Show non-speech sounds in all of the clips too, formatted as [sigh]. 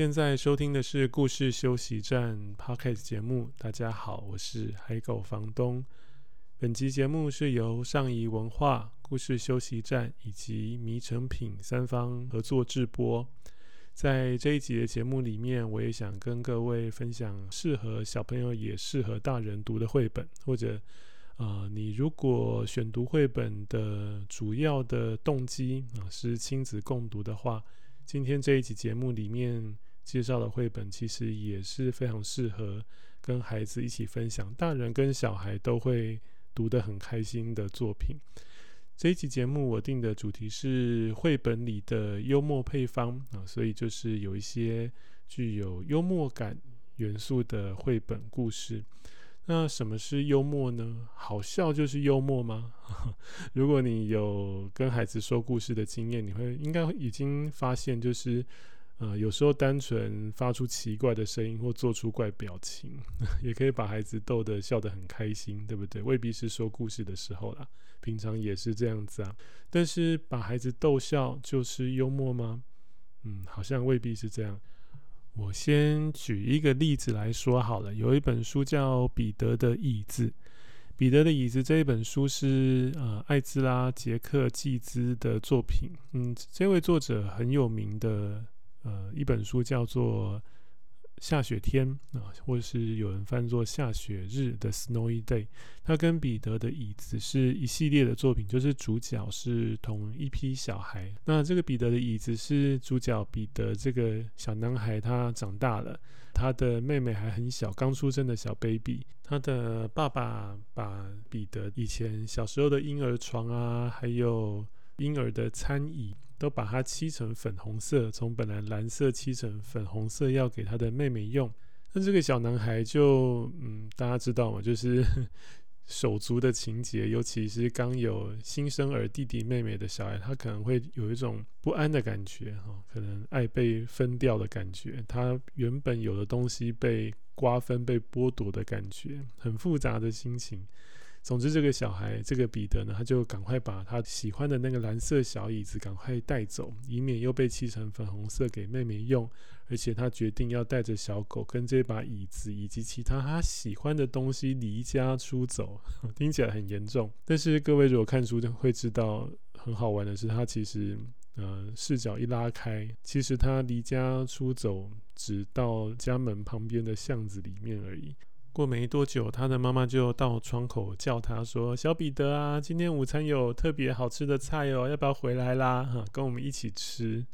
現在收聽的是故事休息站 Podcast 節目。大家好，我是海狗房東。本集節目是由上誼文化、故事休息站以及迷誠品三方合作製播。在這一集的節目裡面，我也想跟各位分享適合小朋友也適合大人讀的繪本，或者，呃，你如果選讀繪本的主要的動機啊是親子共讀的話，今天這一集節目裡面，介紹的繪本其實也是非常適合跟孩子一起分享，大人跟小孩都會讀得很開心的作品。這一期節目我定的主題是繪本裡的幽默配方啊，所以就是有一些具有幽默感元素的繪本故事。那什麼是幽默呢？好笑就是幽默嗎？ [laughs] 如果你有跟孩子說故事的經驗，你會應該已經發現就是。呃，有時候單純發出奇怪的聲音或做出怪表情，也可以把孩子逗得笑得很開心，對不對？未必是說故事的時候啦。平常也是這樣子啊。但是把孩子逗笑就是幽默嗎？嗯，好像未必是這樣。我先舉一個例子來說好了。有一本書叫《彼得的椅子》，《彼得的椅子》這一本書是呃艾茲拉·傑克·季茲的作品。嗯，這位作者很有名的。呃，一本書叫做《下雪天》啊、呃，或是有人翻作《下雪日》的《Snowy Day》，它跟彼得的椅子是一系列的作品，就是主角是同一批小孩。那這個彼得的椅子是主角彼得這個小男孩，他長大了，他的妹妹還很小，剛出生的小 baby，他的爸爸把彼得以前小時候的嬰兒床啊，還有嬰兒的餐椅。都把它漆成粉紅色，從本來藍色漆成粉紅色，要給他的妹妹用。那這個小男孩就，嗯，大家知道嘛，就是手足的情節，尤其是剛有新生兒弟弟妹妹的小孩，他可能會有一種不安的感覺，哈、哦，可能愛被分掉的感覺，他原本有的東西被瓜分、被剝奪的感覺，很複雜的心情。總之，這個小孩，這個彼得呢，他就趕快把他喜歡的那個藍色小椅子趕快帶走，以免又被漆成粉紅色給妹妹用。而且，他決定要帶着小狗跟這把椅子以及其他他喜歡的東西離家出走。聽起來很嚴重，但是各位如果看書就會知道，很好玩的是，他其實呃，視角一拉開，其實他離家出走只到家門旁邊的巷子裡面而已。過沒多久，他的媽媽就到窗口叫他說：“小彼得啊，今天午餐有特別好吃的菜哦，要不要回來啦？哈、啊，跟我們一起吃。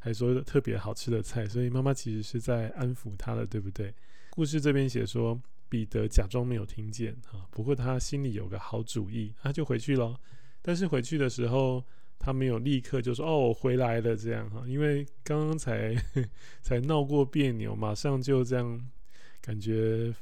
還說特別好吃的菜，所以媽媽其實是在安撫他的，對不對？故事這邊寫說，彼得假裝沒有聽見，哈、啊，不過他心裡有個好主意，他就回去了。但是回去的時候，他沒有立刻就說哦，我回來了這樣哈、啊，因為剛剛才才鬧過彆扭，馬上就這樣感覺。”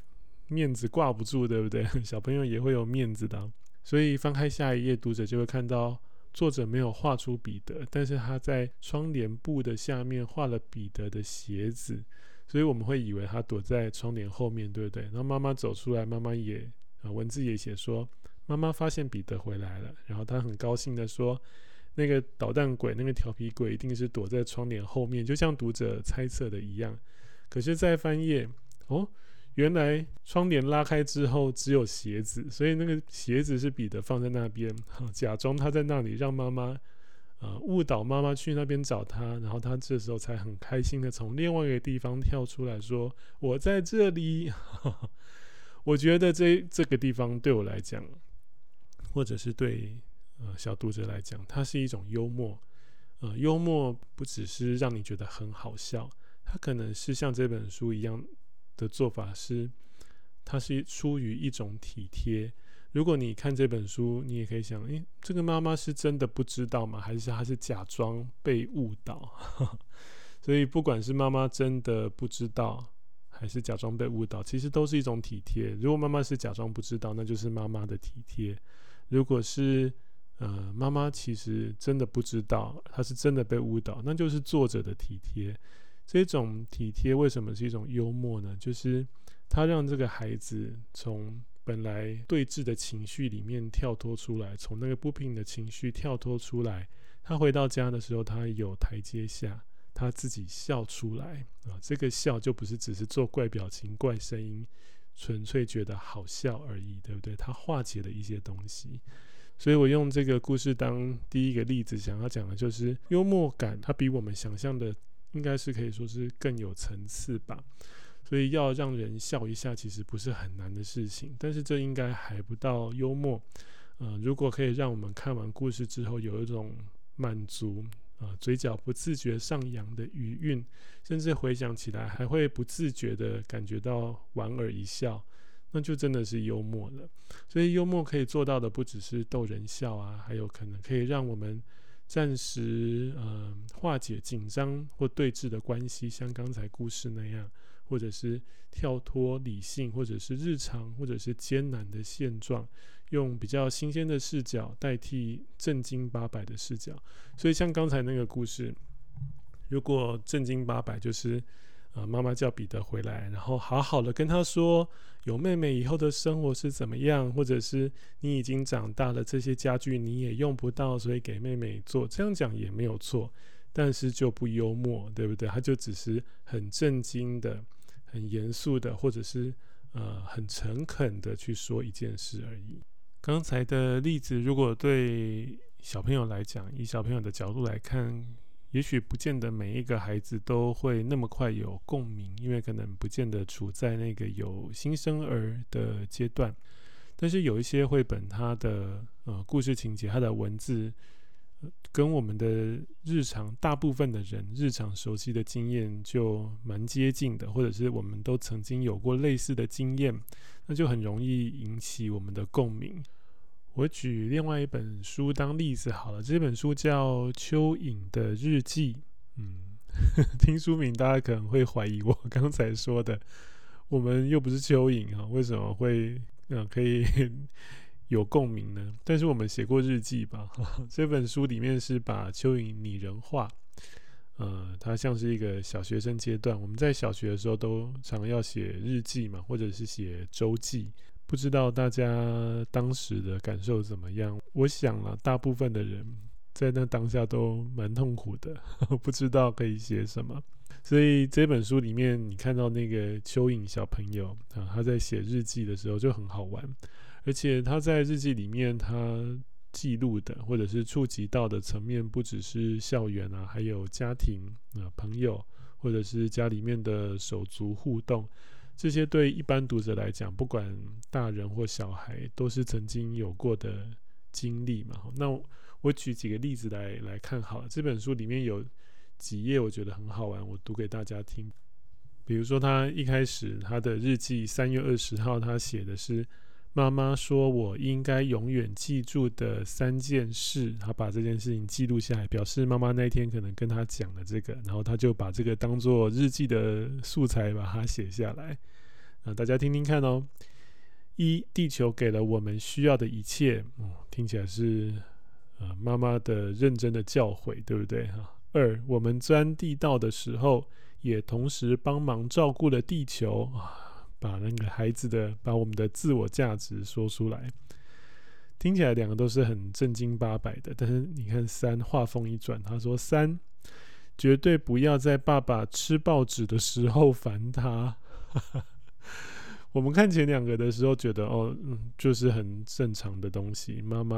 面子掛不住，對不對？小朋友也會有面子的，所以翻開下一頁，讀者就會看到作者沒有畫出彼得，但是他在窗簾布的下面畫了彼得的鞋子，所以我們會以為他躲在窗簾後面，對不對？然後媽媽走出來，媽媽也啊，文字也寫說媽媽發現彼得回來了，然後他很高興的說，那個搗蛋鬼，那個調皮鬼一定是躲在窗簾後面，就像讀者猜測的一樣。可是，再翻頁哦。原來窗簾拉開之後只有鞋子，所以那個鞋子是彼得放在那邊，假裝他在那裡讓媽媽，讓媽媽啊誤導媽媽去那邊找他，然後他這時候才很開心的從另外一個地方跳出來說：“我在這裡。”呵呵，我覺得這這個地方對我來講，或者是對呃小讀者來講，它是一種幽默。呃，幽默不只是讓你覺得很好笑，它可能是像這本書一樣。的做法是，它是出於一種體貼。如果你看這本書，你也可以想：誒、欸，這個媽媽是真的不知道嗎？還是她是假裝被誤導？ [laughs] 所以，不管是媽媽真的不知道，還是假裝被誤導，其實都是一種體貼。如果媽媽是假裝不知道，那就是媽媽的體貼；如果是呃，媽媽其實真的不知道，她是真的被誤導，那就是作者的體貼。這種體貼為什麼是一種幽默呢？就是他讓這個孩子從本來對峙的情緒裡面跳脫出來，從那個不平的情緒跳脫出來。他回到家的時候，他有台階下，他自己笑出來啊。這個笑就不是只是做怪表情、怪聲音，純粹覺得好笑而已，對不對？他化解了一些東西。所以我用這個故事當第一個例子，想要講的就是幽默感，它比我們想象的。應該是可以說是更有層次吧，所以要讓人笑一下，其實不是很難的事情。但是這應該還不到幽默，呃，如果可以讓我們看完故事之後有一種滿足，啊、呃，嘴角不自覺上揚的餘韻，甚至回想起來還會不自覺的感覺到莞爾一笑，那就真的是幽默了。所以幽默可以做到的不只是逗人笑啊，還有可能可以讓我們。暫時，嗯、呃，化解緊張或對峙的關係，像剛才故事那樣，或者是跳脫理性，或者是日常，或者是艱難的現狀，用比較新鮮的視角代替正經八百的視角。所以，像剛才那個故事，如果正經八百就是。啊、嗯，媽媽叫彼得回來，然後好好的跟他說，有妹妹以後的生活是怎麼樣，或者是你已經長大了，這些家具你也用不到，所以給妹妹做。這樣講也沒有錯，但是就不幽默，對不對？他就只是很正經的、很嚴肅的，或者是呃很誠懇的去說一件事而已。剛才的例子，如果對小朋友來講，以小朋友的角度來看，也許不見得每一個孩子都會那麼快有共鳴，因為可能不見得處在那個有新生兒的階段。但是有一些繪本他，它的呃故事情節、它的文字，呃，跟我們的日常大部分的人日常熟悉的經驗就蠻接近的，或者是我們都曾經有過類似的經驗，那就很容易引起我們的共鳴。我舉另外一本書當例子好了，這本書叫《蚯蚓的日記》。嗯，呵呵，聽書名，大家可能會懷疑我剛才說的，我們又不是蚯蚓啊，為什麼會嗯，呃，可以有共鳴呢？但是我們寫過日記吧，啊，這本書裡面是把蚯蚓擬人化，呃，它像是一個小學生階段，我們在小學的時候都常要寫日記嘛，或者是寫週記。不知道大家當時的感受怎麼樣？我想了，大部分的人在那當下都蠻痛苦的，呵呵，不知道可以寫什麼。所以這本書裡面，你看到那個蚯蚓小朋友啊，他在寫日記的時候就很好玩，而且他在日記裡面他記錄的或者是觸及到的層面，不只是校園啊，還有家庭啊、朋友，或者是家裡面的手足互動。這些對一般讀者來講，不管大人或小孩，都是曾經有過的經歷嘛。那我，我舉幾個例子來來看好了。這本書裡面有幾頁我覺得很好玩，我讀給大家聽。比如說，他一開始他的日記三月二十號，他寫的是媽媽說我應該永遠記住的三件事。他把這件事情記錄下來，表示媽媽那天可能跟他講了這個，然後他就把這個當做日記的素材，把它寫下來。啊，大家聽聽看哦。一，地球給了我們需要的一切，嗯，聽起來是呃媽媽的認真的教誨，對不對哈？二，我們鑽地道的時候，也同時幫忙照顧了地球啊，把那個孩子的，把我們的自我價值說出來，聽起來兩個都是很正經八百的。但是你看三，三畫風一轉，他說三絕對不要在爸爸吃報紙的時候煩他，哈哈。我們看前兩個的時候，覺得哦、嗯，就是很正常的東西。媽媽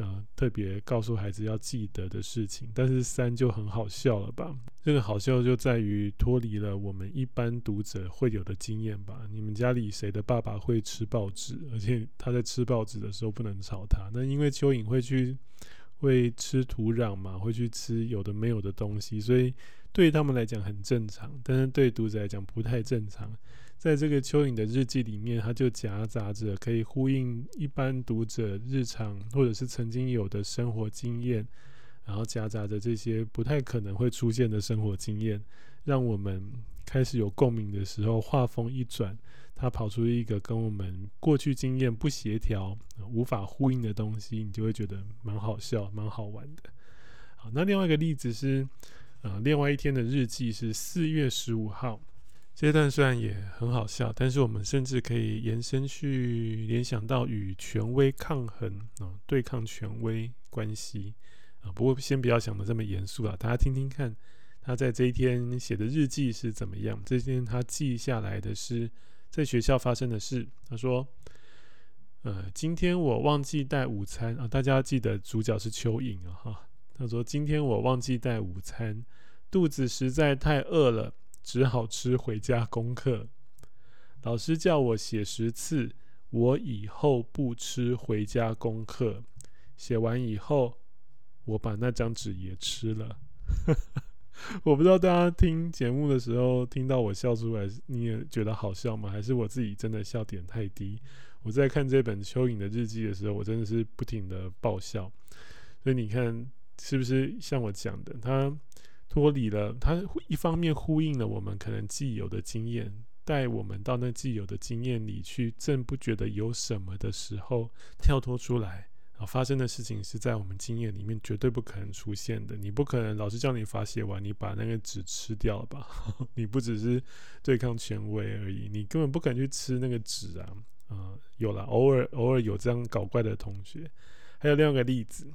啊、呃，特別告訴孩子要記得的事情。但是三就很好笑了吧？這個好笑就在於脫離了我們一般讀者會有的經驗吧？你們家裡誰的爸爸會吃報紙？而且他在吃報紙的時候不能吵他。那因為蚯蚓會去會吃土壤嘛，會去吃有的沒有的東西，所以對於他們來講很正常，但是對讀者來講不太正常。在這個蚯蚓的日記裡面，它就夾雜着可以呼應一般讀者日常或者是曾經有的生活經驗，然後夾雜着這些不太可能會出現的生活經驗，讓我們開始有共鳴的時候，畫風一轉，它跑出一個跟我們過去經驗不協調、無法呼應的東西，你就會覺得蠻好笑、蠻好玩的。好，那另外一個例子是，啊、呃，另外一天的日記是四月十五號。這段雖然也很好笑，但是我們甚至可以延伸去聯想到與權威抗衡啊、哦，對抗權威關係啊。不過先不要想的這麼嚴肅啊，大家聽聽看他在這一天寫的日記是怎麼樣。這一天他記下來的是在學校發生的事。他說：“呃，今天我忘記帶午餐啊，大家要記得主角是蚯蚓啊、哦、哈。”他說：“今天我忘記帶午餐，肚子實在太餓了。”只好吃回家功課。老師叫我寫十次，我以後不吃回家功課。寫完以後，我把那張紙也吃了。 [laughs] 我不知道大家聽節目的時候聽到我笑出來，你也覺得好笑嗎？還是我自己真的笑點太低？我在看這本蚯蚓的日記的時候，我真的是不停的爆笑。所以你看，是不是像我講的，他？脫離了，它一方面呼應了我們可能既有的經驗，帶我們到那既有的經驗裡去，正不覺得有什麼的時候，跳脫出來，啊，發生的事情是在我們經驗裡面絕對不可能出現的。你不可能老師叫你罰寫完，你把那個紙吃掉吧？ [laughs] 你不只是對抗權威而已，你根本不敢去吃那個紙啊！啊、呃，有了，偶爾偶爾有這樣搞怪的同學，還有另外一個例子。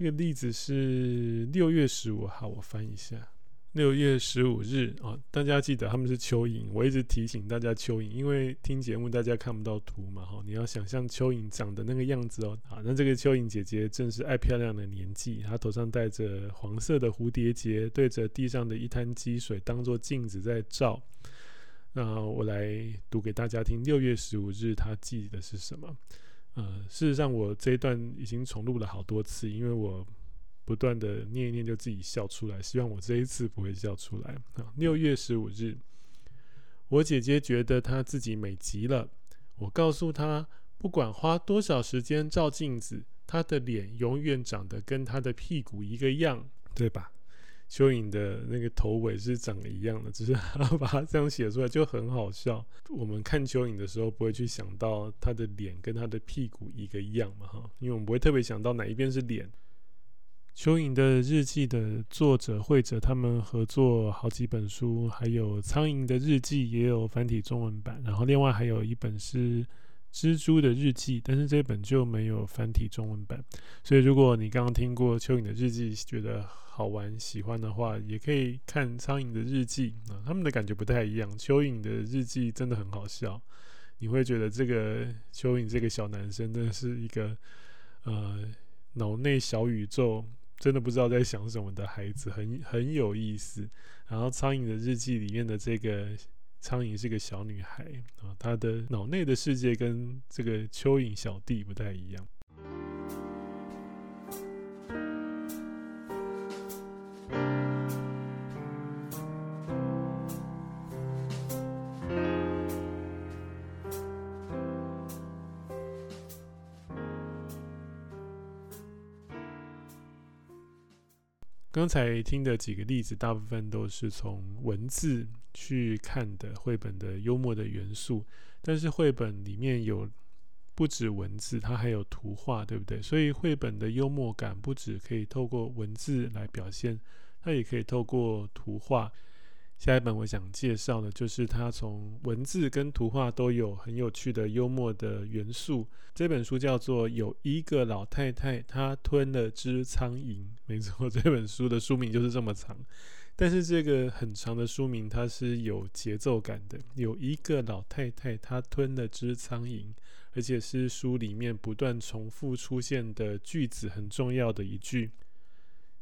這個例子是六月十五號，我翻一下，六月十五日啊、哦，大家記得他們是蚯蚓，我一直提醒大家蚯蚓，因為聽節目大家看不到圖嘛，哈、哦，你要想象蚯蚓長得那個樣子哦。啊，那這個蚯蚓姐姐正是愛漂亮的年紀，她頭上戴着黃色的蝴蝶結，對着地上的一灘積水當作鏡子在照。那我來讀給大家聽6 15，六月十五日她記的是什麼？呃，事實上，我這一段已經重錄了好多次，因為我不斷的念一念就自己笑出來。希望我這一次不會笑出來。啊，六月十五日，我姐姐覺得她自己美極了。我告訴她，不管花多少時間照鏡子，她的臉永遠長得跟她的屁股一個樣，對吧？蚯蚓的那個頭尾是長得一樣的，只是他把它這樣寫出來就很好笑。我們看蚯蚓的時候，不會去想到它的臉跟它的屁股一個一樣嘛，哈，因為我們不會特別想到哪一邊是臉。《蚯蚓的日記》的作者繪者他們合作好幾本書，還有《蒼蠅的日記》也有繁體中文版，然後另外還有一本是。蜘蛛的日記，但是這本就沒有繁體中文版，所以如果你剛剛聽過蚯蚓的日記，覺得好玩喜歡的話，也可以看蒼蠅的日記啊、呃，他們的感覺不太一樣。蚯蚓的日記真的很好笑，你會覺得這個蚯蚓這個小男生真的是一個呃腦內小宇宙，真的不知道在想什麼的孩子，很很有意思。然後蒼蠅的日記裡面的這個。蒼蠅是個小女孩啊，她的腦內的世界跟這個蚯蚓小弟不太一樣。剛才聽的幾個例子，大部分都是從文字。去看的繪本的幽默的元素，但是繪本裡面有不止文字，它還有圖畫，對不對？所以繪本的幽默感不止可以透過文字來表現，它也可以透過圖畫。下一本我想介紹的，就是它從文字跟圖畫都有很有趣的幽默的元素。這本書叫做《有一個老太太她吞了只蒼蠅》，沒錯，這本書的書名就是這麼長。但是這個很長的書名，它是有節奏感的。有一個老太太，她吞了隻蒼蠅，而且是書裡面不斷重複出現的句子，很重要的一句。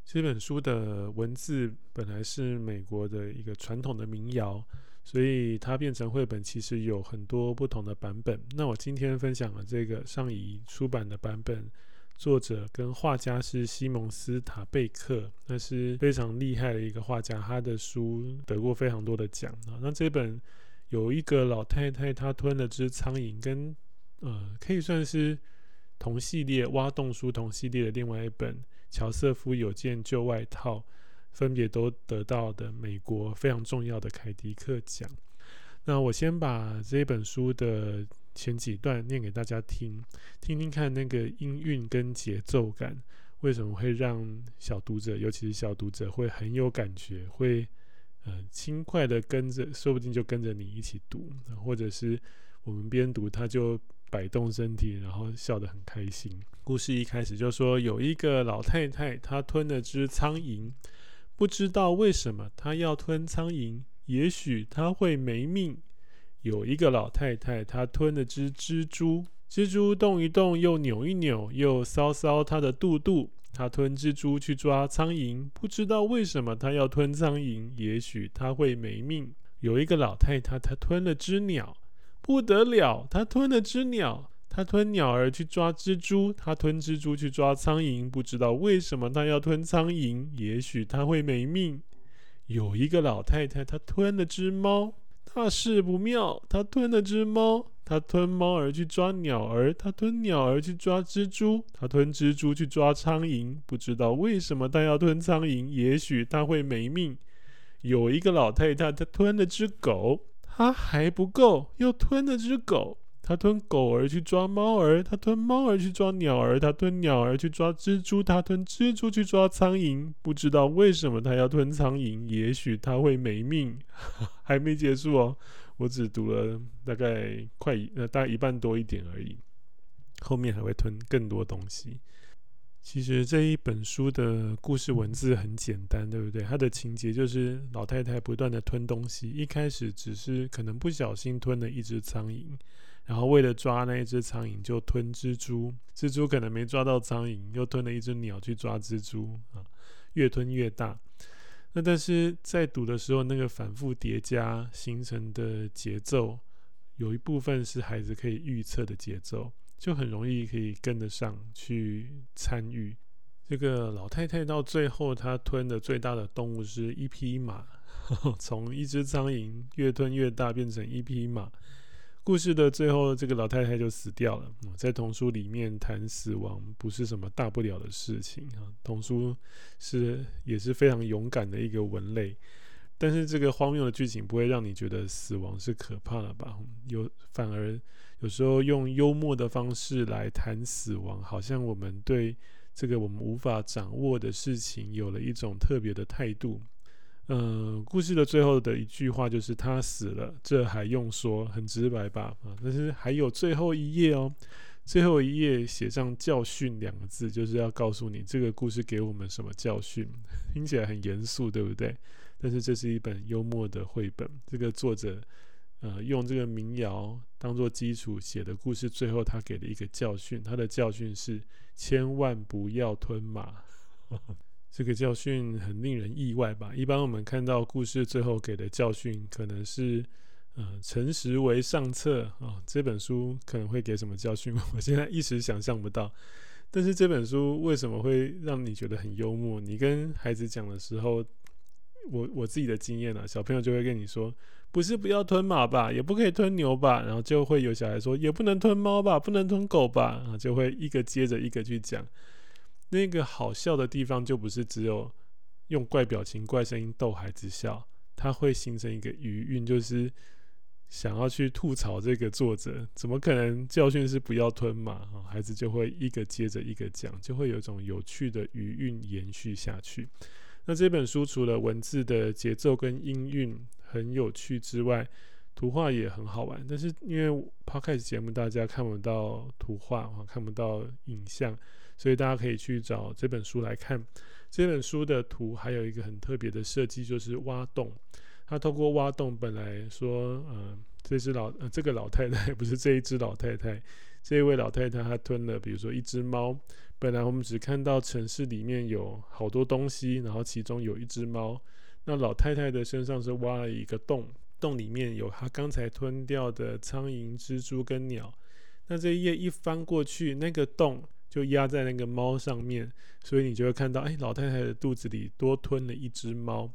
這本書的文字本來是美國的一個傳統的民謠，所以它變成繪本，其實有很多不同的版本。那我今天分享了這個上誼出版的版本。作者跟畫家是西蒙斯塔貝克，那是非常厲害的一個畫家，他的書得過非常多的獎。那這本有一個老太太她吞了只蒼蠅，跟呃可以算是同系列挖洞書同系列的另外一本《喬瑟夫有件舊外套》，分別都得到的美國非常重要的凱迪克獎。那我先把這本書的。前幾段念給大家聽，聽聽看那個音韻跟節奏感，為什麼會讓小讀者，尤其是小讀者，會很有感覺，會嗯、呃、輕快的跟着，說不定就跟着你一起讀，或者是我們邊讀他就擺動身體，然後笑得很開心。故事一開始就說有一個老太太，她吞了只蒼蠅，不知道為什麼她要吞蒼蠅，也許她會沒命。有一個老太太，她吞了隻蜘蛛，蜘蛛動一動，又扭一扭，又搔搔她的肚肚。她吞蜘蛛去抓蒼蠅，不知道為什麼她要吞蒼蠅，也許她會沒命。有一個老太太，她吞了隻鳥，不得了，她吞了隻鳥，她吞鳥兒去抓蜘蛛，她吞蜘蛛去抓蒼蠅，不知道為什麼她要吞蒼蠅，也許她會沒命。有一個老太太，她吞了隻貓。大事不妙，他吞了隻貓，他吞貓兒去抓鳥兒，他吞鳥兒去抓蜘蛛，他吞蜘蛛去抓蒼蠅。不知道為什麼他要吞蒼蠅，也許他會沒命。有一個老太太，她吞了隻狗，她還不夠，又吞了隻狗。他吞狗兒去抓貓兒，他吞貓兒去抓鳥兒，他吞鳥兒去抓蜘蛛，他吞蜘蛛去抓蒼蠅。不知道為什麼他要吞蒼蠅，也許他會沒命。 [laughs] 還沒結束哦，我只讀了大概快一呃大概一半多一點而已，後面還會吞更多東西。其實，這一本書的故事文字很簡單，嗯、對不對？它的情節就是老太太不斷的吞東西，一開始只是可能不小心吞了一隻蒼蠅。然後為了抓那一只蒼蠅，就吞蜘蛛，蜘蛛可能沒抓到蒼蠅，又吞了一只鳥去抓蜘蛛啊，越吞越大。那但是在讀的時候，那個反覆疊加形成的節奏，有一部分是孩子可以預測的節奏，就很容易可以跟得上去參與。這個老太太到最後她吞的最大的動物是一匹一馬呵呵，從一只蒼蠅越吞越大變成一匹馬。故事的最後，這個老太太就死掉了。在童書裡面談死亡不是什麼大不了的事情啊，童書是也是非常勇敢的一個文類。但是這個荒謬的劇情不會讓你覺得死亡是可怕的吧？有反而有時候用幽默的方式來談死亡，好像我們對這個我們無法掌握的事情有了一種特別的態度。呃、嗯，故事的最後的一句話就是他死了，這還用說，很直白吧？啊，但是還有最後一頁哦，最後一頁寫上“教訓”兩個字，就是要告訴你這個故事給我們什麼教訓，聽起來很嚴肅，對不對？但是這是一本幽默的繪本，這個作者呃用這個民謠當做基礎寫的故事，最後他給了一個教訓，他的教訓是千萬不要吞馬。這個教訓很令人意外吧？一般我們看到故事最後給的教訓，可能是，呃，誠實為上策啊，哦。這本書可能會給什麼教訓？我現在一時想象不到。但是這本書為什麼會讓你覺得很幽默？你跟孩子講的時候，我我自己的經驗啊，小朋友就會跟你說，不是不要吞馬吧，也不可以吞牛吧，然後就會有小孩說，也不能吞貓吧，不能吞狗吧，啊，就會一個接着一個去講。那個好笑的地方就不是只有用怪表情、怪聲音逗孩子笑，它會形成一個餘韻，就是想要去吐槽這個作者，怎麼可能教訓是不要吞嘛、哦？孩子就會一個接着一個講，就會有一種有趣的餘韻延續下去。那這本書除了文字的節奏跟音韻很有趣之外，圖畫也很好玩。但是因為 Podcast 節目，大家看不到圖畫，看不到影像。所以大家可以去找這本書來看。這本書的圖還有一個很特別的設計，就是挖洞。它通過挖洞，本來說，嗯、呃，這隻老、呃、這個老太太不是這一隻老太太，這一位老太太她吞了，比如說一隻貓。本來我們只看到城市裡面有好多東西，然後其中有一隻貓。那老太太的身上是挖了一個洞，洞裡面有她剛才吞掉的蒼蠅、蜘蛛跟鳥。那這一頁一翻過去，那個洞。就壓在那個貓上面，所以你就會看到，哎，老太太的肚子裡多吞了一隻貓。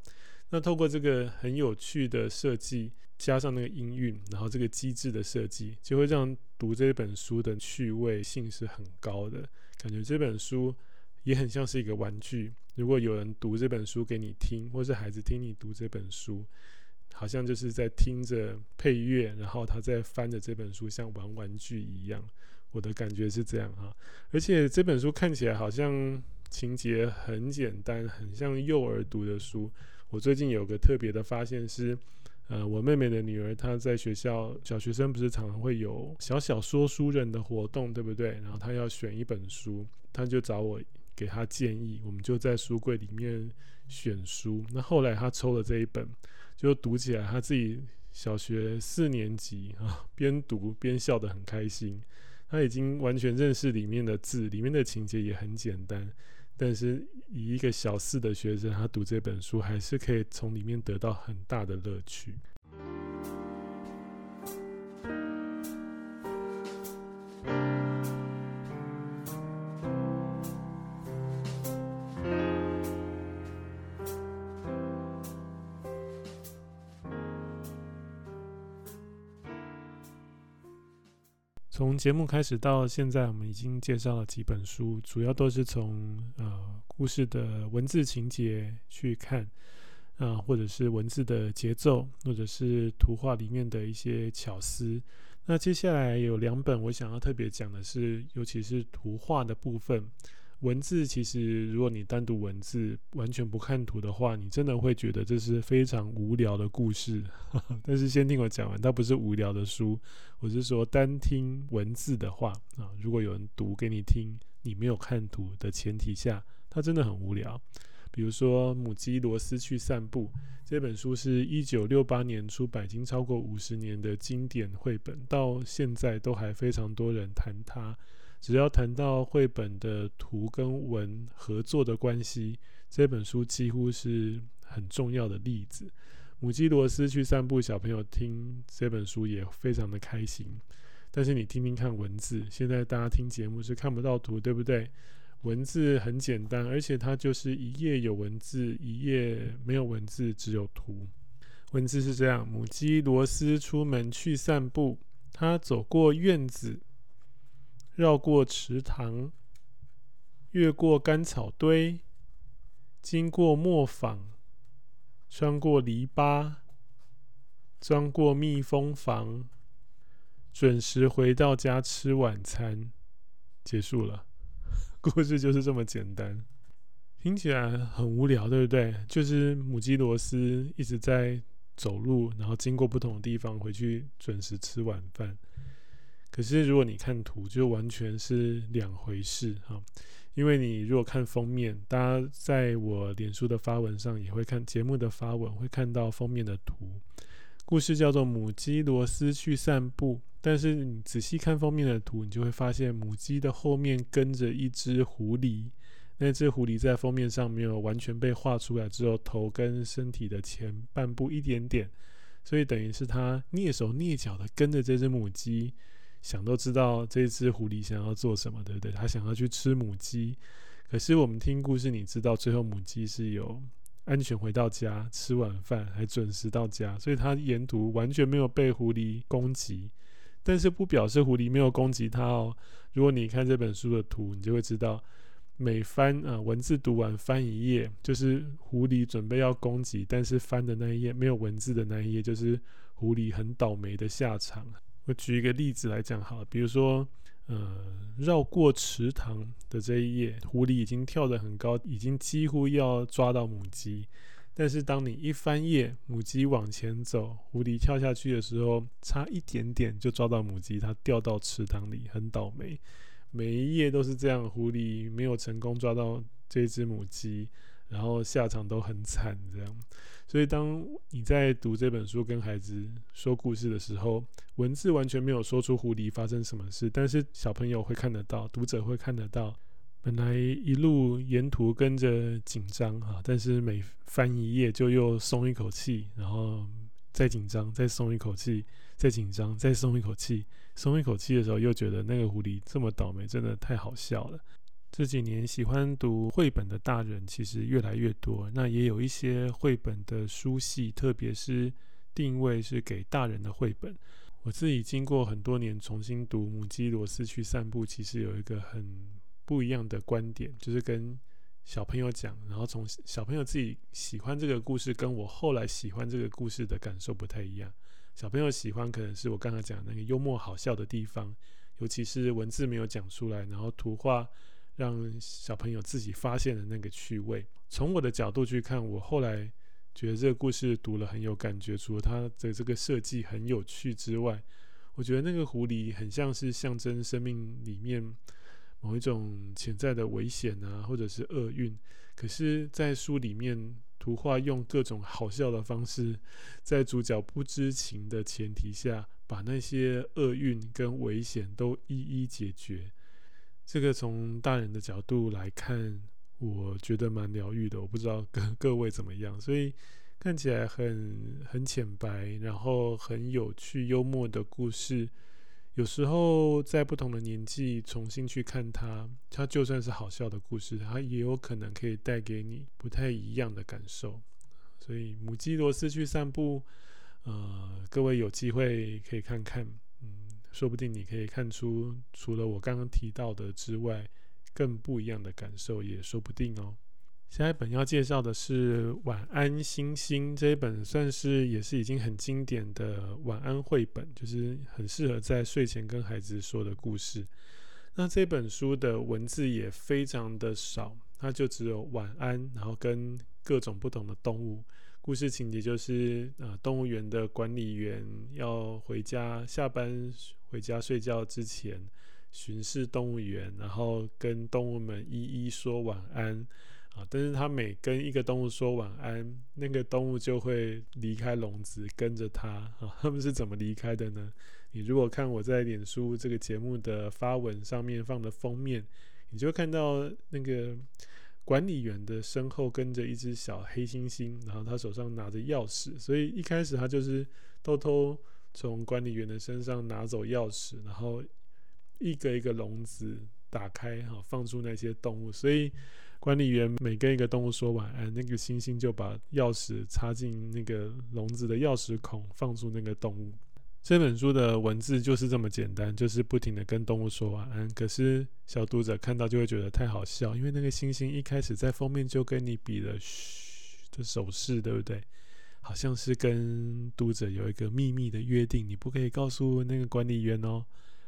那透過這個很有趣的設計，加上那個音韻，然後這個機制的設計，就會讓讀這本書的趣味性是很高的。感覺這本書也很像是一個玩具。如果有人讀這本書給你聽，或是孩子聽你讀這本書，好像就是在聽着配樂，然後他在翻着這本書，像玩玩具一樣。我的感覺是這樣哈、啊，而且這本書看起來好像情節很簡單，很像幼兒讀的書。我最近有個特別的發現是，呃，我妹妹的女兒她在學校，小學生不是常常會有小小說書人的活動，對不對？然後她要選一本書，她就找我給她建議，我們就在書櫃裡面選書。那後來她抽了這一本，就讀起來，她自己小學四年級啊，邊讀邊笑得很開心。他已經完全認識裡面的字，裡面的情節也很簡單，但是以一個小四的學生，他讀這本書還是可以從裡面得到很大的樂趣。從節目開始到現在，我們已經介紹了幾本書，主要都是從呃故事的文字情節去看啊、呃，或者是文字的節奏，或者是圖畫裡面的一些巧思。那接下來有兩本我想要特別講的是，尤其是圖畫的部分。文字其實，如果你單獨文字完全不看圖的話，你真的會覺得這是非常無聊的故事。 [laughs] 但是先聽我講完，它不是無聊的書，我是說單聽文字的話啊，如果有人讀給你聽，你沒有看圖的前提下，它真的很無聊。比如說《母雞蘿絲去散步》這本書，是一九六八年出版，已經超過五十年的經典繪本，到現在都還非常多人談它。只要談到繪本的圖跟文合作的關係，這本書幾乎是很重要的例子。母雞蘿絲去散步，小朋友聽這本書也非常的開心。但是你聽聽看文字，現在大家聽節目是看不到圖，對不對？文字很簡單，而且它就是一頁有文字，一頁沒有文字，只有圖。文字是這樣：母雞蘿絲出門去散步，他走過院子。繞過池塘，越過乾草堆，經過磨坊，穿過籬笆，鑽過蜜蜂房，準時回到家吃晚餐。結束了，故事就是這麼簡單，聽起來很無聊，對不對？就是母雞蘿絲一直在走路，然後經過不同的地方，回去準時吃晚飯。可是，如果你看圖，就完全是兩回事哈。因為你如果看封面，大家在我臉書的發文上也會看節目的發文，會看到封面的圖。故事叫做《母雞蘿絲去散步》，但是你仔細看封面的圖，你就會發現母雞的後面跟着一隻狐狸。那隻狐狸在封面上沒有完全被畫出來，只有頭跟身體的前半部一點點，所以等於是它躡手躡腳的跟着這隻母雞。想都知道這隻狐狸想要做什麼，對不對？它想要去吃母雞。可是我們聽故事，你知道最後母雞是有安全回到家，吃晚飯還準時到家，所以它沿途完全沒有被狐狸攻擊。但是不表示狐狸沒有攻擊它哦。如果你看這本書的圖，你就會知道，每翻啊，文字讀完翻一頁，就是狐狸準備要攻擊，但是翻的那一頁沒有文字的那一頁，就是狐狸很倒霉的下場。我舉一個例子來講好了，比如說，呃，繞過池塘的這一頁，狐狸已經跳得很高，已經幾乎要抓到母雞。但是當你一翻頁，母雞往前走，狐狸跳下去的時候，差一點點就抓到母雞，它掉到池塘裡，很倒霉。每一頁都是這樣，狐狸沒有成功抓到這隻母雞，然後下場都很慘，這樣。所以，當你在讀這本書、跟孩子說故事的時候，文字完全沒有說出狐狸發生什麼事，但是小朋友會看得到，讀者會看得到。本來一路沿途跟着緊張啊，但是每翻一頁就又鬆一口氣，然後再緊張，再鬆一口氣，再緊張，再鬆一口氣。鬆一口氣的時候，又覺得那個狐狸這麼倒霉，真的太好笑了。這幾年喜歡讀繪本的大人其實越來越多，那也有一些繪本的書系，特別是定位是給大人的繪本。我自己經過很多年重新讀《母雞蘿絲去散步》，其實有一個很不一樣的觀點，就是跟小朋友講，然後從小朋友自己喜歡這個故事，跟我後來喜歡這個故事的感受不太一樣。小朋友喜歡可能是我剛才講的那個幽默好笑的地方，尤其是文字沒有講出來，然後圖畫。讓小朋友自己發現的那個趣味。從我的角度去看，我後來覺得這個故事讀了很有感覺，除了它的這個設計很有趣之外，我覺得那個狐狸很像是象徵生命裡面某一種潛在的危險啊，或者是厄運。可是，在書裡面，圖畫用各種好笑的方式，在主角不知情的前提下，把那些厄運跟危險都一一解決。這個從大人的角度來看，我覺得蠻療癒的。我不知道跟各位怎麼樣，所以看起來很很淺白，然後很有趣、幽默的故事，有時候在不同的年紀重新去看它，它就算是好笑的故事，它也有可能可以帶給你不太一樣的感受。所以《母雞蘿絲去散步》，呃，各位有機會可以看看。說不定你可以看出，除了我剛剛提到的之外，更不一樣的感受也說不定哦。下一本要介紹的是《晚安，猩猩》這一本，算是也是已經很經典的晚安繪本，就是很適合在睡前跟孩子說的故事。那這本書的文字也非常的少，它就只有“晚安”，然後跟各種不同的動物。故事情節就是，呃，動物園的管理員要回家下班。回家睡覺之前巡視動物園，然後跟動物們一一說晚安啊！但是他每跟一個動物說晚安，那個動物就會離開籠子跟着他啊。他們是怎麼離開的呢？你如果看我在臉書這個節目的發文上面放的封面，你就看到那個管理員的身後跟着一隻小黑猩猩，然後他手上拿着鑰匙，所以一開始他就是偷偷。從管理員的身上拿走鑰匙，然後一個一個籠子打開，哈，放出那些動物。所以管理員每跟一個動物說晚安，那個猩猩就把鑰匙插進那個籠子的鑰匙孔，放出那個動物。這本書的文字就是這麼簡單，就是不停的跟動物說晚安。可是小讀者看到就會覺得太好笑，因為那個猩猩一開始在封面就跟你比了噓的手勢，對不對？好像是跟讀者有一個秘密的約定，你不可以告訴那個管理員哦。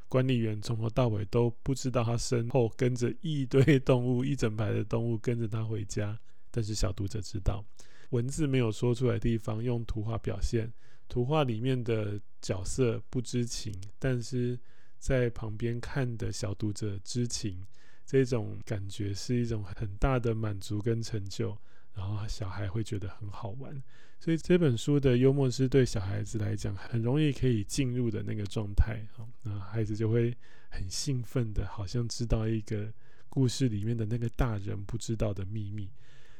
管理員從頭到尾都不知道他身後跟着一堆動物，一整排的動物跟着他回家。但是小讀者知道，文字沒有說出來的地方用圖畫表現，圖畫裡面的角色不知情，但是在旁邊看的小讀者知情。這種感覺是一種很大的滿足跟成就，然後小孩會覺得很好玩。所以這本書的幽默是對小孩子來講很容易可以進入的那個狀態，那孩子就會很興奮的，好像知道一個故事裡面的那個大人不知道的秘密。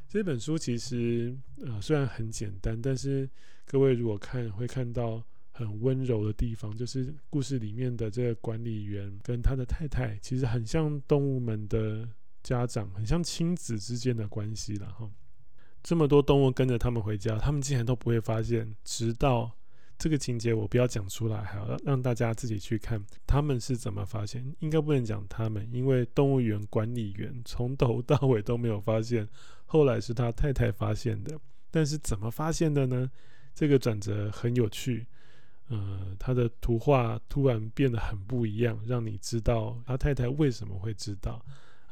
這本書其實啊，呃，雖然很簡單，但是各位如果看會看到很溫柔的地方，就是故事裡面的這個管理員跟他的太太，其實很像動物們的家長，很像親子之間的關係了哈。這麼多動物跟着他們回家，他們竟然都不會發現。直到這個情節，我不要講出來，還要讓大家自己去看他們是怎麼發現。應該不能講他們，因為動物園管理員從頭到尾都沒有發現，後來是他太太發現的。但是怎麼發現的呢？這個轉折很有趣。呃，他的圖畫突然變得很不一樣，讓你知道他太太為什麼會知道。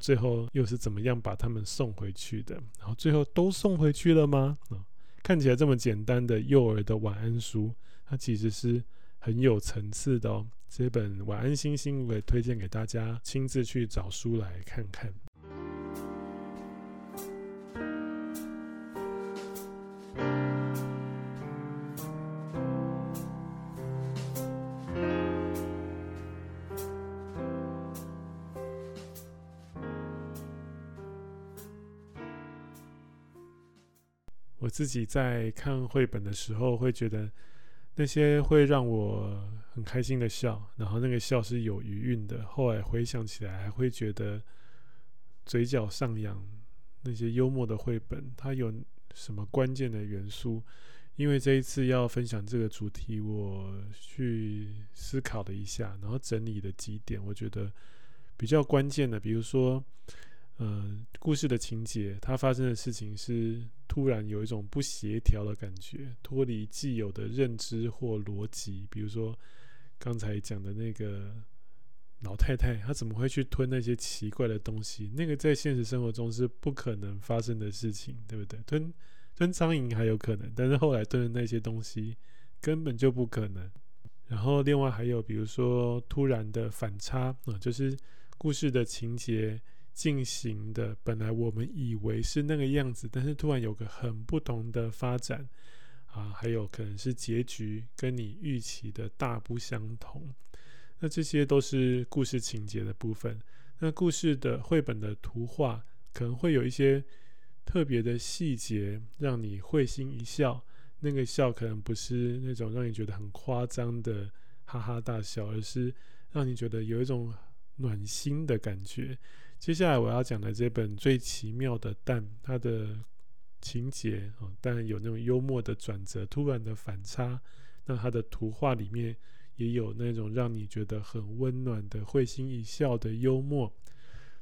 最後又是怎麼樣把他們送回去的？然後最後都送回去了嗎？哦，看起來這麼簡單的幼兒的晚安書，它其實是很有層次的哦。這本《晚安，猩猩》我也推薦給大家，親自去找書來看看。自己在看繪本的時候，會覺得那些會讓我很開心的笑，然後那個笑是有餘韻的。後來回想起來，還會覺得嘴角上揚。那些幽默的繪本，它有什麼關鍵的元素？因為這一次要分享這個主題，我去思考了一下，然後整理了幾點，我覺得比較關鍵的，比如說。呃、嗯，故事的情節，它發生的事情是突然有一種不協調的感覺，脫離既有的認知或邏輯。比如說剛才講的那個老太太，她怎麼會去吞那些奇怪的東西？那個在現實生活中是不可能發生的事情，對不對？吞吞蒼蠅還有可能，但是後來吞的那些東西根本就不可能。然後另外還有，比如說突然的反差啊、嗯，就是故事的情節。進行的本來我們以為是那個樣子，但是突然有個很不同的發展啊，還有可能是結局跟你預期的大不相同。那這些都是故事情節的部分。那故事的繪本的圖畫可能會有一些特別的細節，讓你會心一笑。那個笑可能不是那種讓你覺得很誇張的哈哈大笑，而是讓你覺得有一種暖心的感覺。接下來我要講的這本《最奇妙的蛋》，它的情節啊，當有那種幽默的轉折、突然的反差。那它的圖畫裡面也有那種讓你覺得很溫暖的會心一笑的幽默。《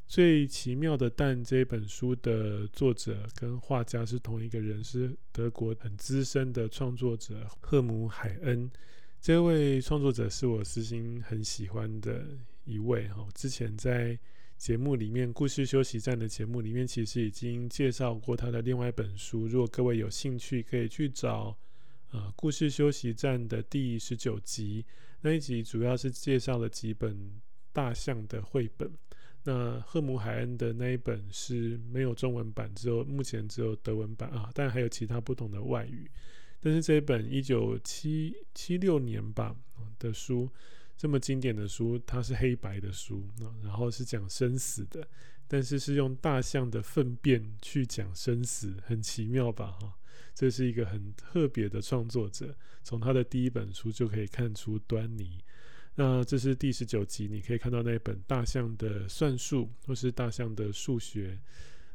最奇妙的蛋》這本書的作者跟畫家是同一個人，是德國很資深的創作者赫姆海恩。這位創作者是我私心很喜歡的一位哦，之前在。節目裡面《故事休息站》的節目裡面，其實已經介紹過他的另外一本書。如果各位有興趣，可以去找啊、呃、《故事休息站》的第十九集，那一集主要是介紹了幾本大象的繪本。那赫姆·海恩的那一本是沒有中文版，只有目前只有德文版啊，但還有其他不同的外語。但是這一本一九七七六年吧的書。這麼經典的書，它是黑白的書，那然後是講生死的，但是是用大象的糞便去講生死，很奇妙吧？哈，這是一個很特別的創作者，從他的第一本書就可以看出端倪。那這是第十九集，你可以看到那本《大象的算術》或是《大象的數學》。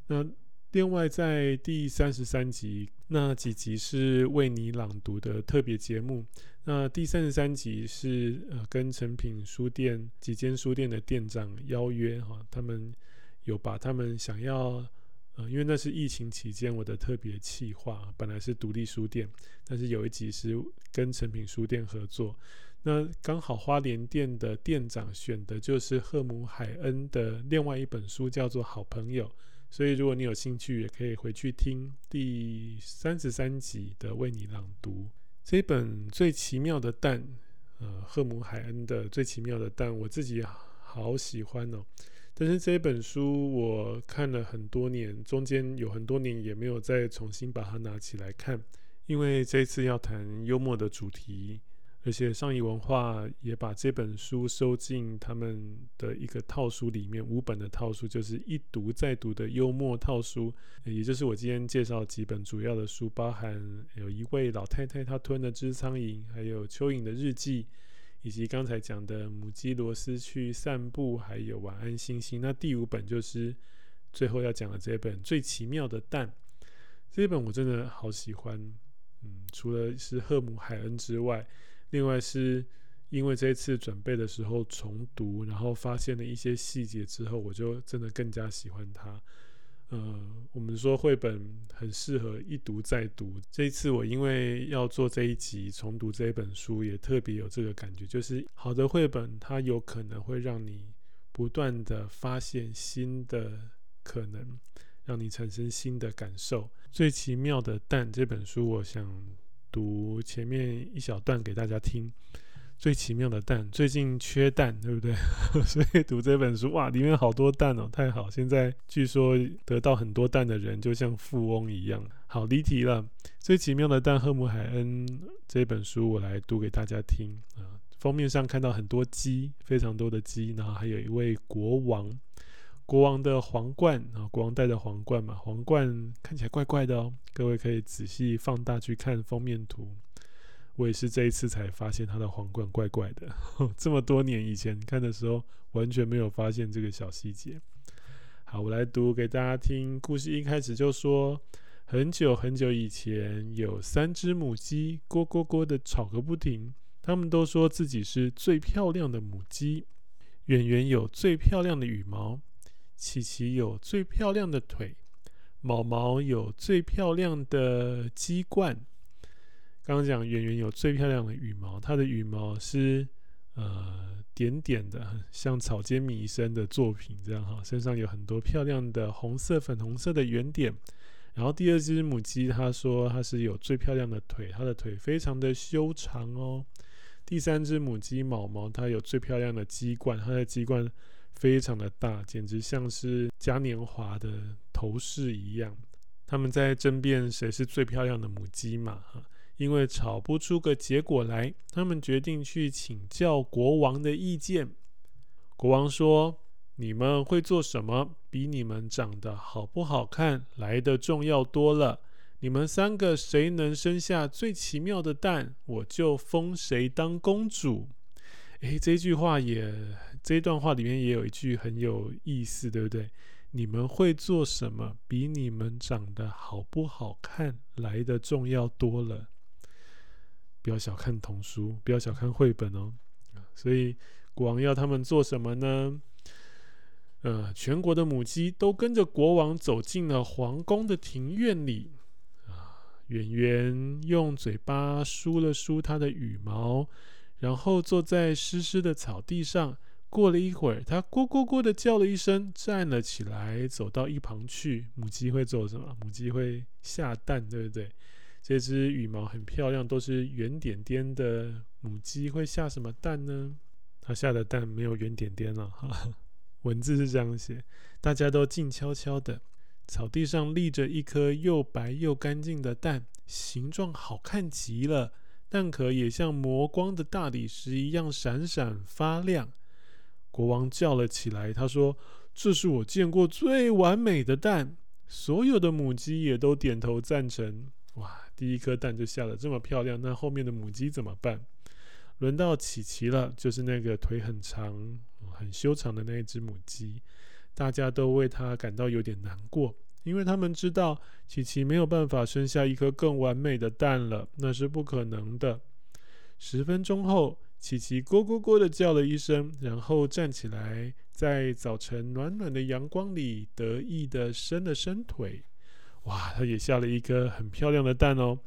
那另外在第三十三集，那幾集是為你朗讀的特別節目。那第三十三集是呃跟誠品書店幾間書店的店長邀約哈，他們有把他們想要，呃因為那是疫情期間我的特別企劃，本來是獨立書店，但是有一集是跟誠品書店合作，那剛好花蓮店的店長選的就是赫姆海恩的另外一本書叫做好朋友，所以如果你有興趣也可以回去聽第三十三集的為你朗讀。這本最奇妙的蛋，呃，赫姆海恩的最奇妙的蛋，我自己好喜歡哦。但是這一本書我看了很多年，中間有很多年也沒有再重新把它拿起來看，因為這次要談幽默的主題。而且上誼文化也把這本書收進他們的一個套書裡面，五本的套書就是一讀再讀的幽默套書，也就是我今天介紹幾本主要的書，包含有一位老太太她吞了只蒼蠅，還有蚯蚓的日記，以及剛才講的母雞蘿絲去散步，還有晚安猩猩。那第五本就是最後要講的這本最奇妙的蛋，這本我真的好喜歡，嗯，除了是赫姆海恩之外。另外是因為這次準備的時候重讀，然後發現了一些細節之後，我就真的更加喜歡它。呃，我們說繪本很適合一讀再讀，這一次我因為要做這一集重讀這一本書，也特別有這個感覺，就是好的繪本它有可能會讓你不斷地發現新的可能，讓你產生新的感受。最奇妙的蛋這本書，我想。讀前面一小段給大家聽。最奇妙的蛋，最近缺蛋，對不對？ [laughs] 所以讀這本書，哇，裡面好多蛋哦，太好！現在據說得到很多蛋的人就像富翁一樣，好離題了。最奇妙的蛋，赫姆海恩，這本書我來讀給大家聽啊、呃。封面上看到很多雞，非常多的雞，然後還有一位國王。國王的皇冠啊，哦，國王戴的皇冠嘛，皇冠看起來怪怪的哦。各位可以仔細放大去看封面圖，我也是這一次才發現他的皇冠怪怪的。呵，這麼多年以前看的時候，完全沒有發現這個小細節。好，我來讀給大家聽。故事一開始就說：很久很久以前，有三隻母雞，咕咕咕的吵個不停。他們都說自己是最漂亮的母雞，遠遠有最漂亮的羽毛。琪琪有最漂亮的腿，毛毛有最漂亮的雞冠。剛剛講圓圓有最漂亮的羽毛，它的羽毛是呃點點的，像草間彌生的作品這樣哈，身上有很多漂亮的紅色、粉紅色的圓點。然後第二隻母雞，它說它是有最漂亮的腿，它的腿非常的修長哦。第三隻母雞毛毛，它有最漂亮的雞冠，它的雞冠，非常的大，簡直像是嘉年華的頭飾一樣。他們在爭辯誰是最漂亮的母雞嘛哈、啊，因為吵不出個結果來，他們決定去請教國王的意見。國王說：“你們會做什麼，比你們長得好不好看來得重要多了。你們三個誰能生下最奇妙的蛋，我就封誰當公主。欸”誒，這句話也。這一段話裡面也有一句很有意思，對不對？你們會做什麼，比你們長得好不好看來得重要多了。不要小看童書，不要小看繪本哦。所以國王要他們做什麼呢？呃，全國的母雞都跟着國王走進了皇宮的庭院裡。啊、呃，圓圓用嘴巴梳了梳它的羽毛，然後坐在濕濕的草地上。過了一會兒，它咕咕咕地叫了一聲，站了起來，走到一旁去。母雞會做什麼？母雞會下蛋，對不對？這隻羽毛很漂亮，都是圓點點的。母雞會下什麼蛋呢？它、啊、下的蛋沒有圓點點了、啊。 [laughs] 文字是這樣寫：大家都靜悄悄的，草地上立着一顆又白又乾淨的蛋，形狀好看極了，蛋殼也像磨光的大理石一樣閃閃發亮。國王叫了起來，他說，這是我見過最完美的蛋，所有的母雞也都點頭贊成。哇，第一顆蛋就下得這麼漂亮，那後面的母雞怎麼辦？輪到琪琪了，就是那個腿很長、很修長的那一隻母雞。大家都為它感到有點難過，因為他們知道琪琪沒有辦法生下一顆更完美的蛋了，那是不可能的。十分鐘後。琪琪咕咕咕地叫了一聲，然後站起來，在早晨暖暖的陽光裡得意地伸了伸腿。哇，它也下了一個很漂亮的蛋哦！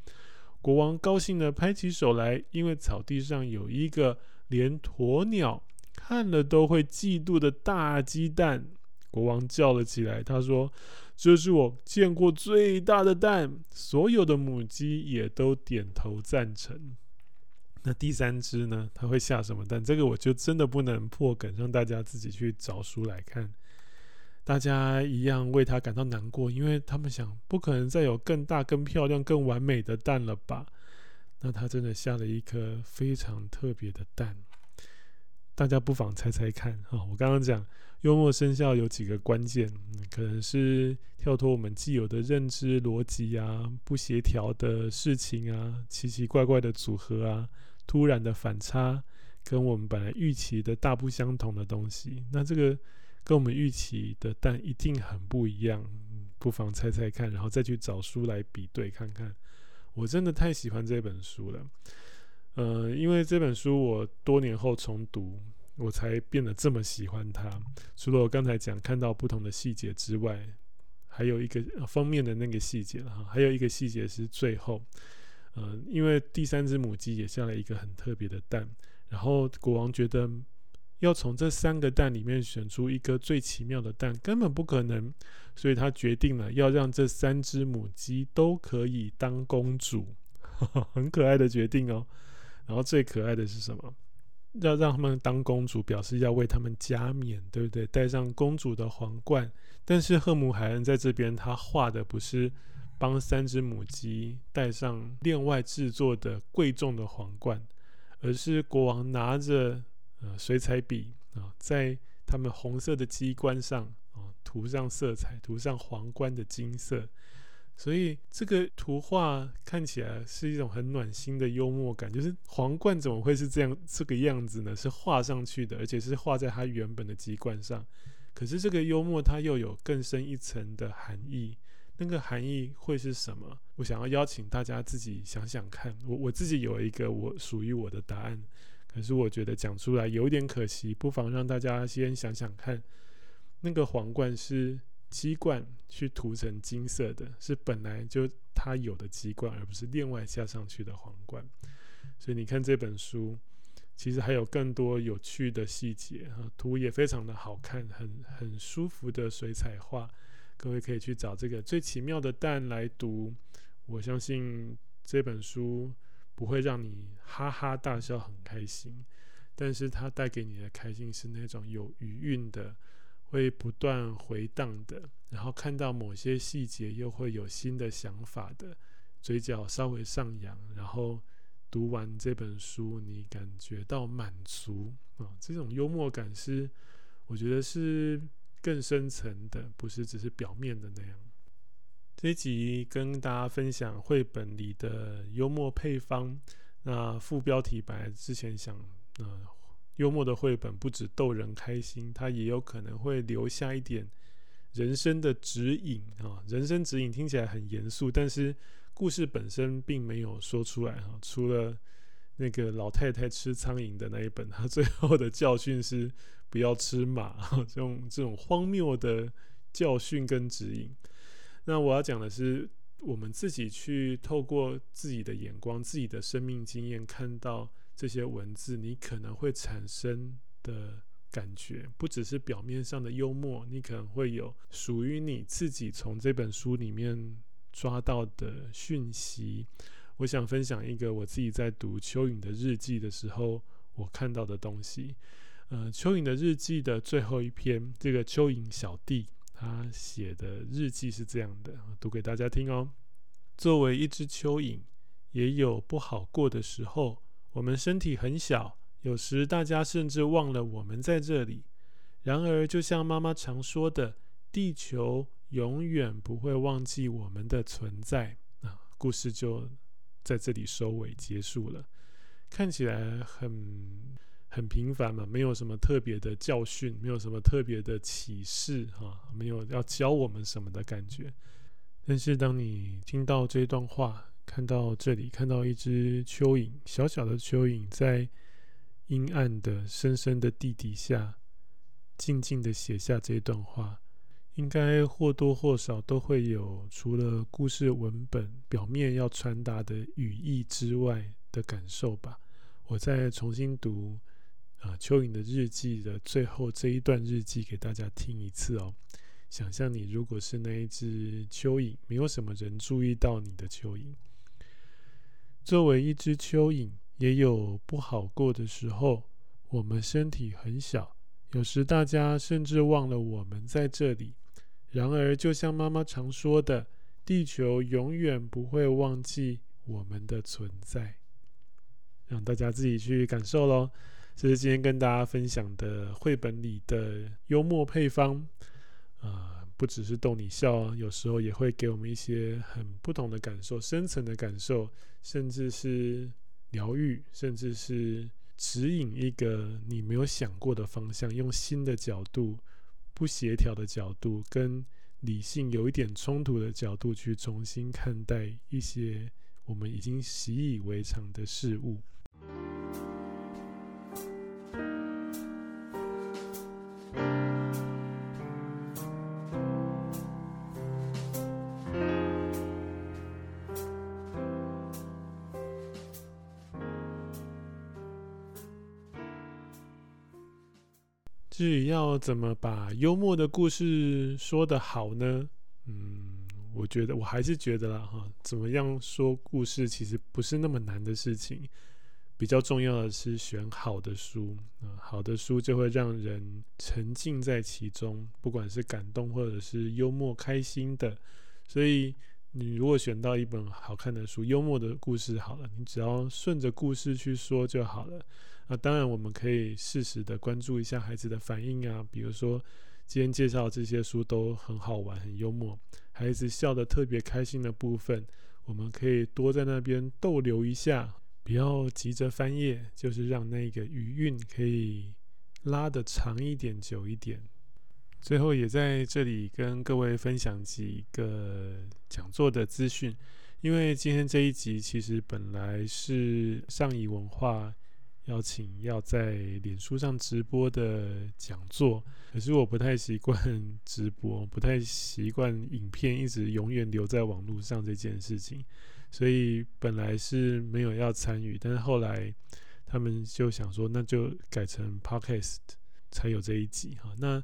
國王高興地拍起手來，因為草地上有一個連鴕鳥看了都會嫉妒的大雞蛋。國王叫了起來，他說：“這是我見過最大的蛋。”所有的母雞也都點頭贊成。那第三隻呢？它會下什麼蛋？這個我就真的不能破梗，讓大家自己去找書來看。大家一樣為它感到難過，因為他們想，不可能再有更大、更漂亮、更完美的蛋了吧？那它真的下了一顆非常特別的蛋，大家不妨猜猜看啊，哦！我剛剛講幽默生效有幾個關鍵，嗯，可能是跳脫我們既有的認知邏輯啊，不協調的事情啊，奇奇怪怪的組合啊。突然的反差，跟我們本來預期的大不相同的東西，那這個跟我們預期的蛋一定很不一樣，不妨猜猜看，然後再去找書來比對看看。我真的太喜歡這本書了，呃，因為這本書我多年後重讀，我才變得這麼喜歡它。除了我剛才講看到不同的細節之外，還有一個封面的那個細節哈，還有一個細節是最後。嗯、呃，因為第三隻母雞也下了一個很特別的蛋，然後國王覺得要從這三個蛋裡面選出一個最奇妙的蛋，根本不可能，所以他決定了要讓這三隻母雞都可以當公主， [laughs] 很可愛的決定哦。然後最可愛的是什麼？要讓他們當公主，表示要為他們加冕，對不對？戴上公主的皇冠。但是赫姆·海恩在這邊，他畫的不是。幫三隻母雞戴上另外制作的貴重的皇冠，而是國王拿着呃水彩筆啊，在它們紅色的雞冠上啊塗上色彩，塗上皇冠的金色。所以這個圖畫看起來是一種很暖心的幽默感，就是皇冠怎麼會是這樣這個樣子呢？是畫上去的，而且是畫在它原本的雞冠上。可是這個幽默它又有更深一層的含義。那個含義會是什麼？我想要邀請大家自己想想看。我我自己有一個我屬於我的答案，可是我覺得講出來有點可惜，不妨讓大家先想想看。那個皇冠是雞冠去塗成金色的，是本來就它有的雞冠，而不是另外加上去的皇冠。所以你看這本書，其實還有更多有趣的細節哈，圖也非常的好看，很很舒服的水彩畫。各位可以去找這個最奇妙的蛋來讀，我相信這本書不會讓你哈哈大笑很開心，但是它帶給你的開心是那種有餘韻的，會不斷回盪的，然後看到某些細節又會有新的想法的，嘴角稍微上揚，然後讀完這本書你感覺到滿足啊，嗯，這種幽默感是，我覺得是。更深層的，不是只是表面的那樣。這一集跟大家分享繪本裡的幽默配方。那副標題本來之前想，呃，幽默的繪本不止逗人開心，它也有可能會留下一點人生的指引哈、啊，人生指引聽起來很嚴肅，但是故事本身並沒有說出來哈、啊，除了那個老太太吃蒼蠅的那一本，它最後的教訓是。不要吃馬，這種這種荒謬的教訓跟指引。那我要講的是，我們自己去透過自己的眼光、自己的生命經驗，看到這些文字，你可能會產生的感覺，不只是表面上的幽默，你可能會有屬於你自己從這本書裡面抓到的訊息。我想分享一個我自己在讀《蚯蚓的日記》的時候，我看到的東西。呃，蚯蚓的日記的最後一篇，這個蚯蚓小弟他寫的日記是這樣的，讀給大家聽哦。作為一隻蚯蚓，也有不好過的時候。我們身體很小，有時大家甚至忘了我們在這裡。然而，就像媽媽常說的，地球永遠不會忘記我們的存在。啊、呃，故事就在這裡收尾結束了。看起來很。很平凡嘛，沒有什麼特別的教訓，沒有什麼特別的啟示，哈，沒有要教我們什麼的感覺。但是當你聽到這段話，看到這裡，看到一隻蚯蚓，小小的蚯蚓，在陰暗的、深深的地底下，靜靜的寫下這段話，應該或多或少都會有除了故事文本表面要傳達的語義之外的感受吧。我再重新讀。啊，蚯蚓的日記的最後這一段日記給大家聽一次哦。想象你如果是那一只蚯蚓，沒有什麼人注意到你的蚯蚓。作為一只蚯蚓，也有不好過的時候。我們身體很小，有時大家甚至忘了我們在這裡。然而，就像媽媽常說的，地球永遠不會忘記我們的存在。讓大家自己去感受嘍。這是今天跟大家分享的繪本裡的幽默配方，啊、呃，不只是逗你笑啊，有時候也會給我們一些很不同的感受，深層的感受，甚至是療癒，甚至是指引一個你沒有想過的方向，用新的角度、不協調的角度、跟理性有一點衝突的角度，去重新看待一些我們已經習以為常的事物。是要怎麼把幽默的故事說得好呢？嗯，我覺得我還是覺得啦哈，怎麼樣說故事其實不是那麼難的事情。比較重要的是選好的書啊，好的書就會讓人沉浸在其中，不管是感動或者是幽默開心的。所以你如果選到一本好看的書，幽默的故事好了，你只要順着故事去說就好了。那、啊、當然，我們可以適時的關注一下孩子的反應啊，比如說今天介紹這些書都很好玩，很幽默，孩子笑得特別開心的部分，我們可以多在那邊逗留一下，不要急着翻頁，就是讓那個餘韻可以拉得長一點，久一點。最後也在這裡跟各位分享幾個講座的資訊，因為今天這一集其實本來是上誼文化。邀請要在臉書上直播的講座，可是我不太習慣直播，不太習慣影片一直永遠留在網絡上這件事情，所以本來是沒有要參與，但是後來他們就想說，那就改成 podcast 才有這一集哈。那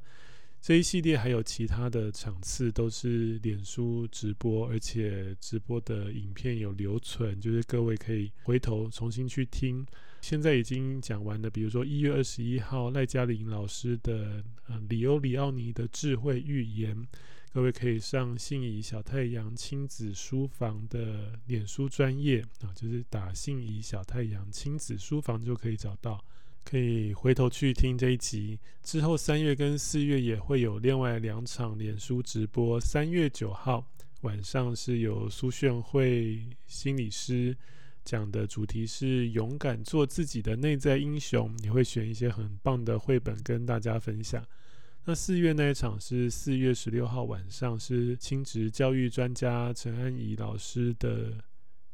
這一系列還有其他的場次都是臉書直播，而且直播的影片有留存，就是各位可以回頭重新去聽。現在已經講完了，比如說一月二十一號賴嘉綾老師的《嗯、呃、李歐李奧尼的智慧預言》，各位可以上信誼小太陽親子書房的臉書專頁啊，就是打“信誼小太陽親子書房”書啊就是、書房就可以找到，可以回頭去聽這一集。之後三月跟四月也會有另外兩場臉書直播，三月九號晚上是由蘇炫慧心理師。講的主題是勇敢做自己的內在英雄，你會選一些很棒的繪本跟大家分享。那四月那一場是四月十六號晚上，是親職教育專家陳安儀老師的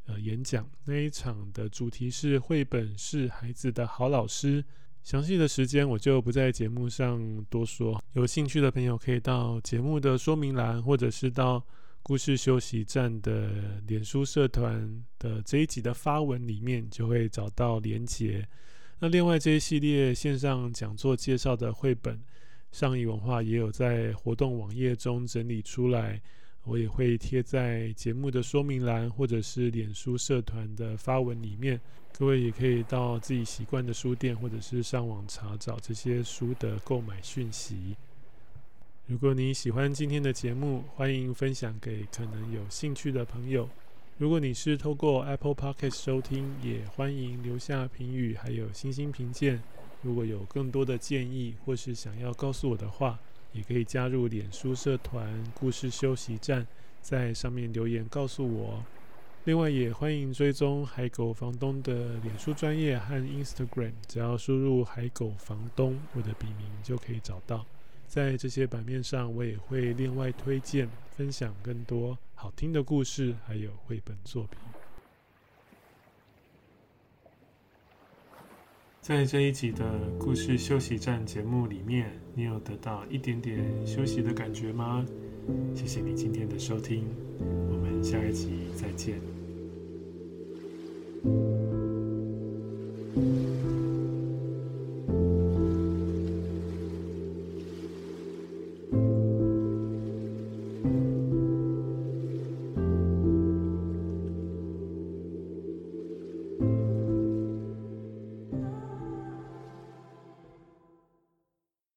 呃演講，那一場的主題是繪本是孩子的好老師。詳細的時間我就不在節目上多說，有興趣的朋友可以到節目的說明欄，或者是到。故事休息站的臉書社團的這一集的發文裡面就會找到連結。那另外這一系列線上講座介紹的繪本，上誼文化也有在活動網頁中整理出來，我也會貼在節目的說明欄或者是臉書社團的發文裡面。各位也可以到自己習慣的書店或者是上網查找這些書的購買訊息。如果你喜歡今天的節目，歡迎分享給可能有興趣的朋友。如果你是透過 Apple Podcast 收聽，也歡迎留下評語，還有星星評鑑。如果有更多的建議，或是想要告訴我的話，也可以加入臉書社團“故事休息站”，在上面留言告訴我。另外，也歡迎追蹤海狗房東的臉書專頁和 Instagram，只要輸入“海狗房東”我的筆名就可以找到。在這些版面上，我也會另外推薦、分享更多好聽的故事，還有繪本作品。在這一集的故事休息站節目裡面，你有得到一點點休息的感覺嗎？謝謝你今天的收聽，我們下一集再見。